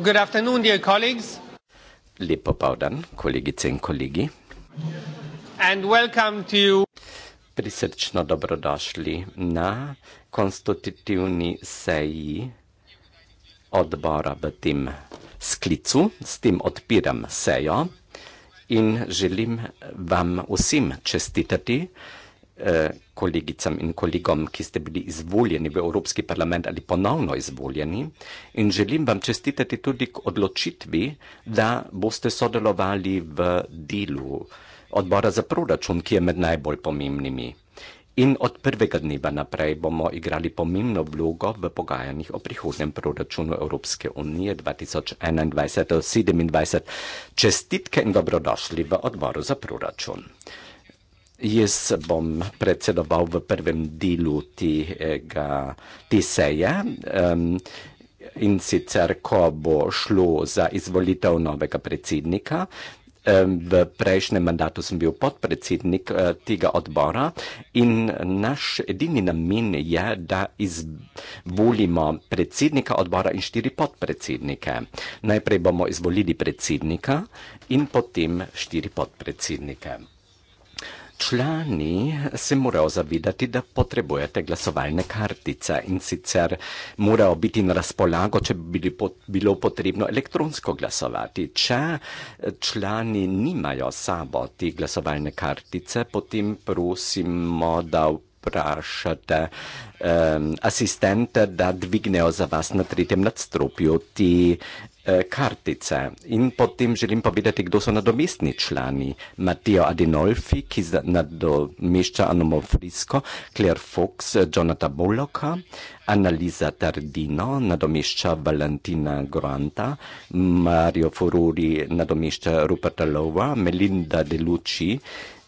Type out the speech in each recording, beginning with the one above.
Good afternoon, dear colleagues. Lep popoldan, kolegice in kolegi. And welcome to you. Prisrčno dobrodošli na konstitutivni seji odbora v tem sklicu. S tem odpiram sejo in želim vam vsem čestitati. Eh, kolegicam in kolegom, ki ste bili izvoljeni v Evropski parlament ali ponovno izvoljeni. In želim vam čestitati tudi k odločitvi, da boste sodelovali v delu odbora za proračun, ki je med najbolj pomembnimi. In od prvega dneva naprej bomo igrali pomembno vlogo v pogajanjih o prihodnem proračunu Evropske unije 2021-2027. Čestitke in dobrodošli v odboru za proračun. Jaz bom predsedoval v prvem delu tega, te seje. Um, in sicer, ko bo šlo za izvolitev novega predsednika. V prejšnjem mandatu sem bil podpredsednik eh, tega odbora in naš edini namen je, da izvolimo predsednika odbora in štiri podpredsednike. Najprej bomo izvolili predsednika in potem štiri podpredsednike. Člani se morajo zavedati, da potrebujete glasovalne kartice in sicer morajo biti na razpolago, če bi bilo potrebno elektronsko glasovati. Če člani nimajo sabo te glasovalne kartice, potem prosimo, da vprašate um, asistente, da dvignejo za vas na tretjem nadstropju te uh, Eh, kartice. In potem želim povedati, kdo so nadomestni člani. Matteo Adinolfi, ki nadomešča Anomo Frisco, Claire Fox, Jonathan Bulloka, Annalisa Tardino, nadomešča Valentina Granta, Mario Foruri, nadomešča Ruperta Lova, Melinda De Luci,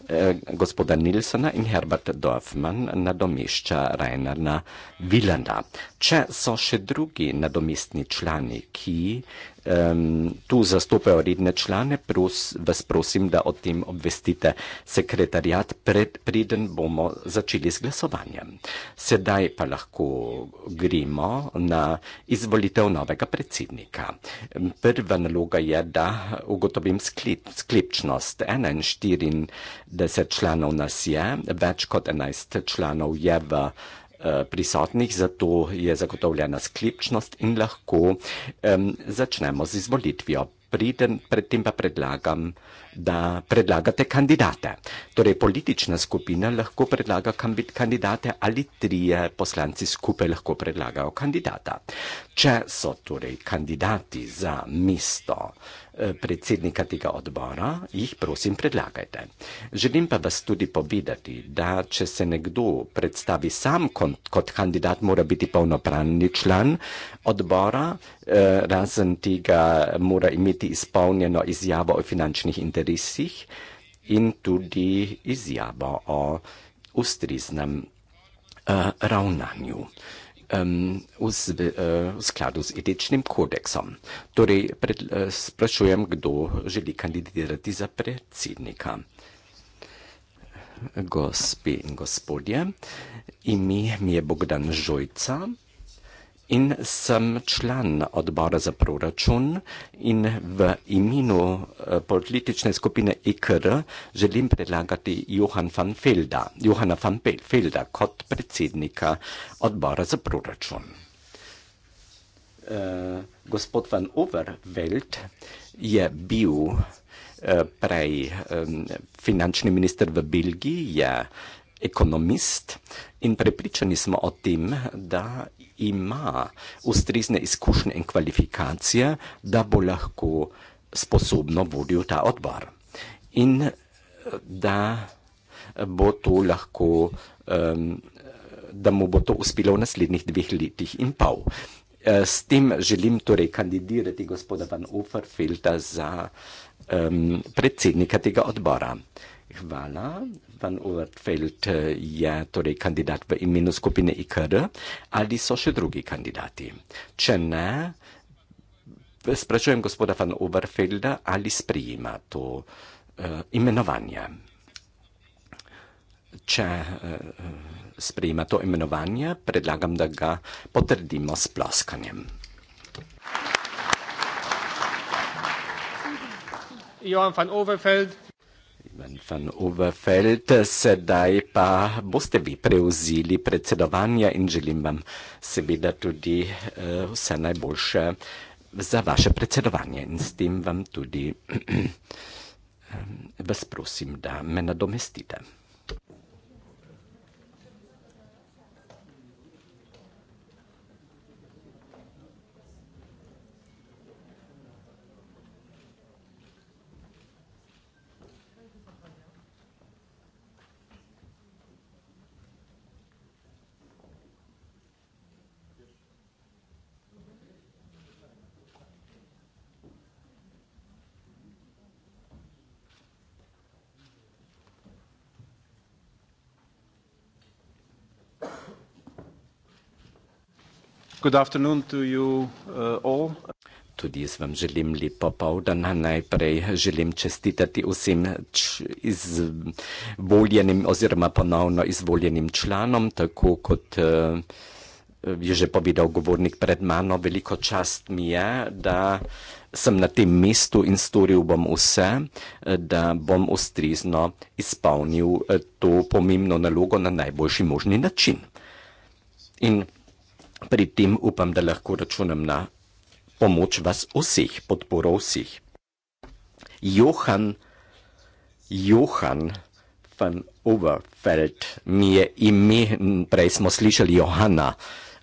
Eh, gospoda Nilsona in Herbert Dorfman nadomešča Rainerna Villanda. Če so še drugi nadomestni člani, ki um, tu zastopajo redne člane, pros, vas prosim, da o tem obvestite sekretarjat, pred, preden bomo začeli z glasovanjem. Sedaj pa lahko gremo na izvolitev novega predsednika. Prva naloga je, da ugotovim sklep, sklepčnost. 41 članov nas je, več kot 11 članov je v. Eh, prisotnih, zato je zagotovljena sklepčnost in lahko um, začnemo z izvolitvijo. Predtem pa predlagam, da predlagate kandidate. Torej, politična skupina lahko predlaga kandidate ali trije poslanci skupaj lahko predlagajo kandidata. Če so torej kandidati za mesto uh, Eh, predsednika tega odbora, jih prosim predlagajte. Želim pa vas tudi povedati, da če se nekdo predstavi sam kot, kot kandidat, mora biti polnopravni član odbora, eh, razen tega mora imeti izpolnjeno izjavo o finančnih interesih in tudi izjavo o ustriznem eh, ravnanju. Eh, Uh, v skladu z etičnim kodeksom. Torej, pred, uh, sprašujem, kdo želi kandidirati za predsednika. Gospe in gospodje, ime mi je Bogdan Žojca. In sem član odbora za proračun in v imenu eh, politične skupine IKR želim predlagati Johan van Felda, Johana van Felda kot predsednika odbora za proračun. Uh, gospod van Overveld je bil uh, prej um, finančni minister v Belgiji, je uh, ekonomist in prepričani smo o tem, da ima ustrezne izkušnje in kvalifikacije, da bo lahko sposobno vodil ta odbor in da bo to lahko, um, da mu bo to uspelo v naslednjih dveh letih in pol. S tem želim torej kandidirati gospoda Van Uferfelda za um, predsednika tega odbora. Hvala. Van Uvertfeld eh, je torej kandidat v imenu skupine IKR. Ali so še drugi kandidati? Če ne, sprašujem gospoda Van Uvertfelda, ali sprijima to uh, imenovanje. Če uh, eh, sprijima to imenovanje, predlagam, da ga potrdimo s ploskanjem. Johan van Overfeld. Van Overfeld, sedaj pa boste vi prevzeli predsedovanje in želim vam seveda tudi uh, vse najboljše za vaše predsedovanje in s tem vam tudi um, vas prosim, da me nadomestite. Good afternoon to you uh, all. Tudi jaz vam želim lep popovdan. Najprej želim čestitati vsem izvoljenim oziroma ponovno izvoljenim članom, tako kot uh, je že povedal govornik pred mano. Veliko čast mi je, da sem na tem mestu in storil bom vse, da bom ustrezno izpolnil eh, to pomembno nalogo na najboljši možni način. In Pri tem upam, da lahko računam na pomoč vas vseh, podporo vseh. Johan, Johan van Overfeld mi je ime, prej smo slišali Johana,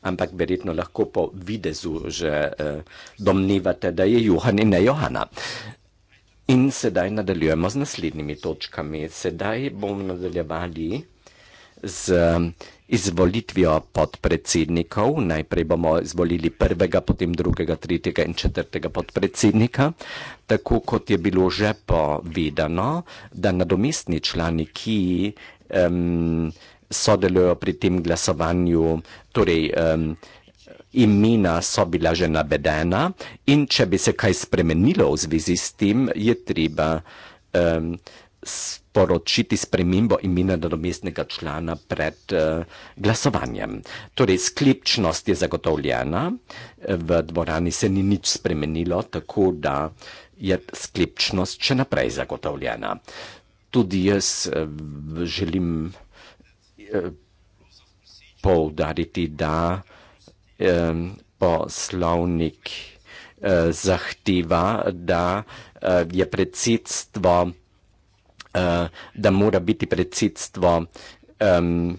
ampak verjetno lahko po videzu že eh, domnevate, da je Johan in ne Johana. In sedaj nadaljujemo z naslednjimi točkami. Sedaj bomo nadaljevali z um, izvolitvijo podpredsednikov. Najprej bomo izvolili prvega, potem drugega, tretjega in četrtega podpredsednika. Tako kot je bilo že povedano, da nadomestni člani, ki um, sodelujo pri tem glasovanju, torej um, imena so bila že navedena in če bi se kaj spremenilo v zvezi s tem, je treba. Um, sporočiti spremembo imena nadomestnega člana pred uh, glasovanjem. Torej, sklepčnost je zagotovljena, v dvorani se ni nič spremenilo, tako da je sklepčnost še naprej zagotovljena. Tudi jaz uh, želim uh, poudariti, da uh, poslovnik uh, zahteva, da uh, je predsedstvo uh, da mora biti predsedstvo. Um,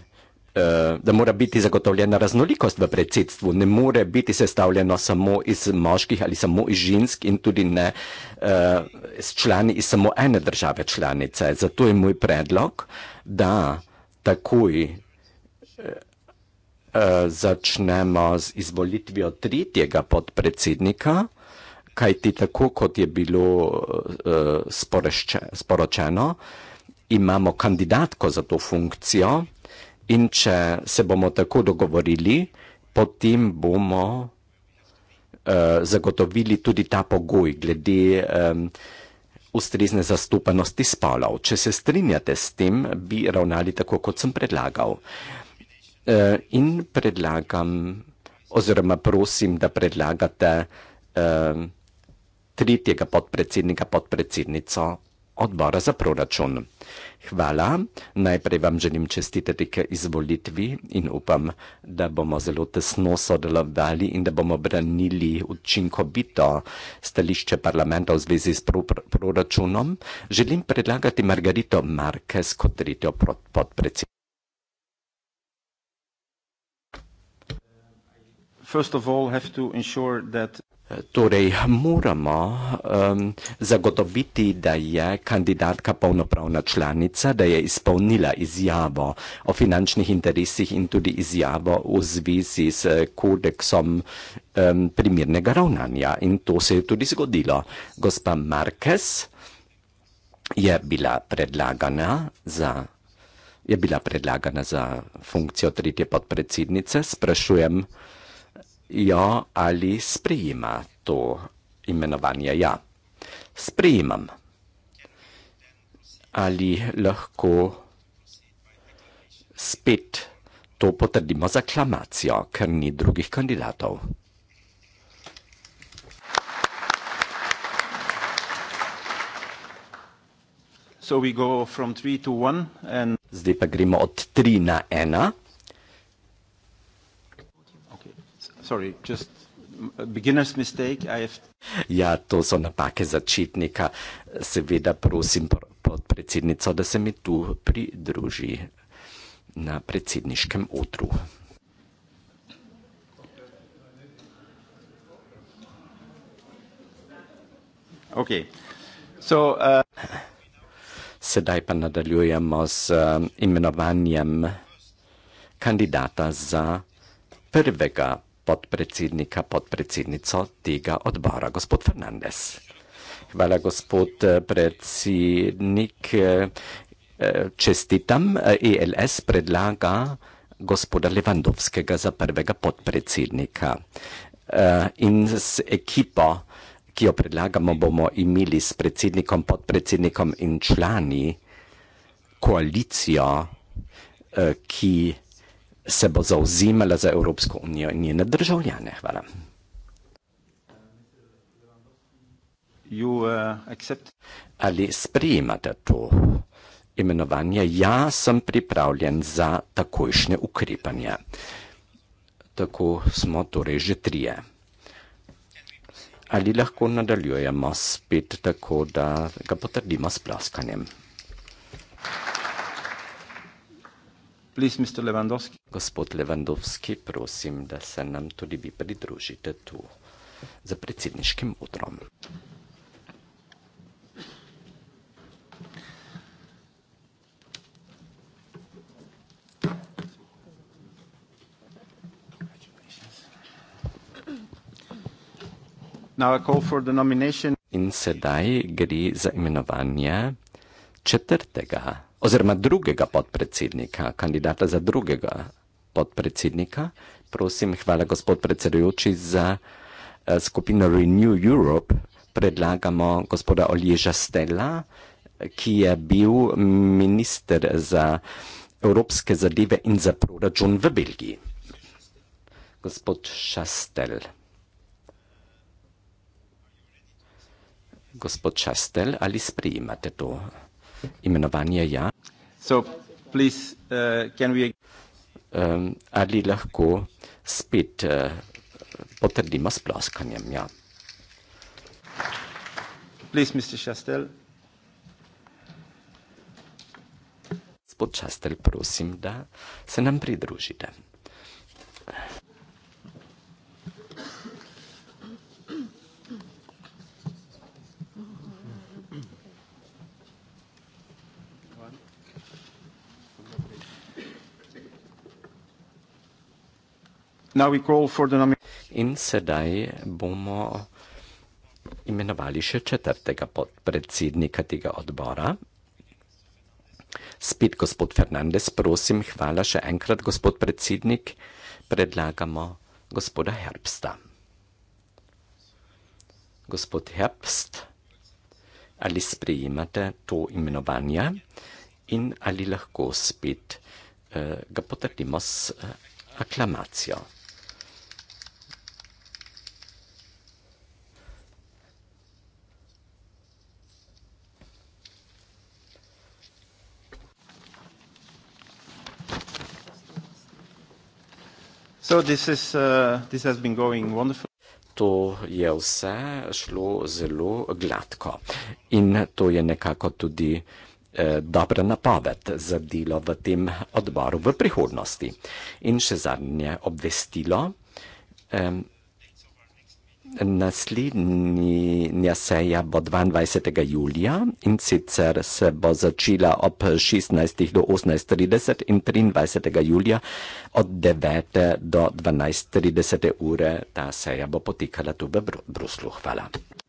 Da mora biti zagotovljena raznolikost v predsedstvu, ne more biti sestavljeno samo iz moških ali samo iz žensk, in tudi ne eh, s uh, člani iz samo ene države članice. Zato je moj predlog, da takoj uh, začnemo z izvolitvijo tretjega podpredsednika kaj ti tako, kot je bilo uh, sporočeno, imamo kandidatko za to funkcijo in če se bomo tako dogovorili, potem bomo uh, zagotovili tudi ta pogoj glede um, ustrezne zastopanosti spolov. Če se strinjate s tem, bi ravnali tako, kot sem predlagal. Uh, in predlagam, oziroma prosim, da predlagate uh, tretjega podpredsednika, podpredsednico odbora za proračun. Hvala, najprej vam želim čestitati k izvolitvi in upam, da bomo zelo tesno sodelovali in da bomo branili učinkovito stališče parlamenta v zvezi s pro proračunom. Želim predlagati Margarito Marquez kot tretjo podpredsednico. First of all, have to ensure that Torej, moramo um, zagotoviti, da je kandidatka polnopravna članica, da je izpolnila izjavo o finančnih interesih in tudi izjavo v zvezi s eh, kodeksom um, primernega ravnanja. In to se je tudi zgodilo. Gospa Marquez je bila predlagana za. Je bila predlagana za funkcijo tretje podpredsednice. Sprašujem, ja ali sprejema to imenovanje ja. Sprejemam. Ali lahko spet to potrdimo z aklamacijo, ker ni drugih kandidatov. So we go from three to one and... Zdaj pa gremo od 3 na 1. sorry, just a beginner's mistake. I have. Ja, to so napake začetnika. Seveda prosim podpredsednico, da se mi tu pridruži na predsedniškem odru. Okay. So, uh... Sedaj pa nadaljujemo z um, imenovanjem kandidata za prvega podpredsednika, podpredsednico tega odbora, gospod Fernandez. Hvala, gospod eh, predsednik. Eh, eh, čestitam, ELS e predlaga gospoda Levandovskega za prvega podpredsednika. In z ekipo, ki jo predlagamo, bomo imeli s predsednikom, podpredsednikom in člani koalicijo, ki se bo zauzimala za Evropsko unijo in njene državljane. Hvala. You, uh, Ali sprejemate to imenovanje? Ja, sem pripravljen za takojšnje ukrepanje. Tako smo torej že trije. Ali lahko nadaljujemo spet tako, da ga potrdimo s ploskanjem? Gospod Levandovski, prosim, da se nam tudi vi pridružite tu za predsedniškim odrom. In sedaj gre za imenovanje četrtega oziroma drugega podpredsednika, kandidata za drugega podpredsednika. Prosim, hvala gospod predsedujoči za eh, skupino Renew Europe. Predlagamo gospoda Olježa Stella, ki je bil minister za evropske zadeve in za proračun v Belgiji. Gospod Šastel. Gospod Šastel, ali sprejemate to imenovanje ja. So, please, uh, we... um, ali lahko spet uh, potrdimo s ploskanjem ja? Please, Mr. Chastel. Gospod Chastel, prosim, da se nam pridružite. In sedaj bomo imenovali še četrtega podpredsednika tega odbora. Spet gospod Fernandez, prosim, hvala še enkrat, gospod predsednik, predlagamo gospoda Herbsta. Gospod Herbst, ali sprejemate to imenovanje in ali lahko spet eh, ga potrdimo s eh, aklamacijo? Uh, to je vse šlo zelo gladko in to je nekako tudi eh, dobra napoved za delo v tem odboru v prihodnosti. In še zadnje obvestilo naslednja seja bo 22. julija in sicer se bo začela ob 16. do 18.30 in 23. julija od 9. do 12.30 ure. Ta seja bo potekala tu v Bruslu. Hvala.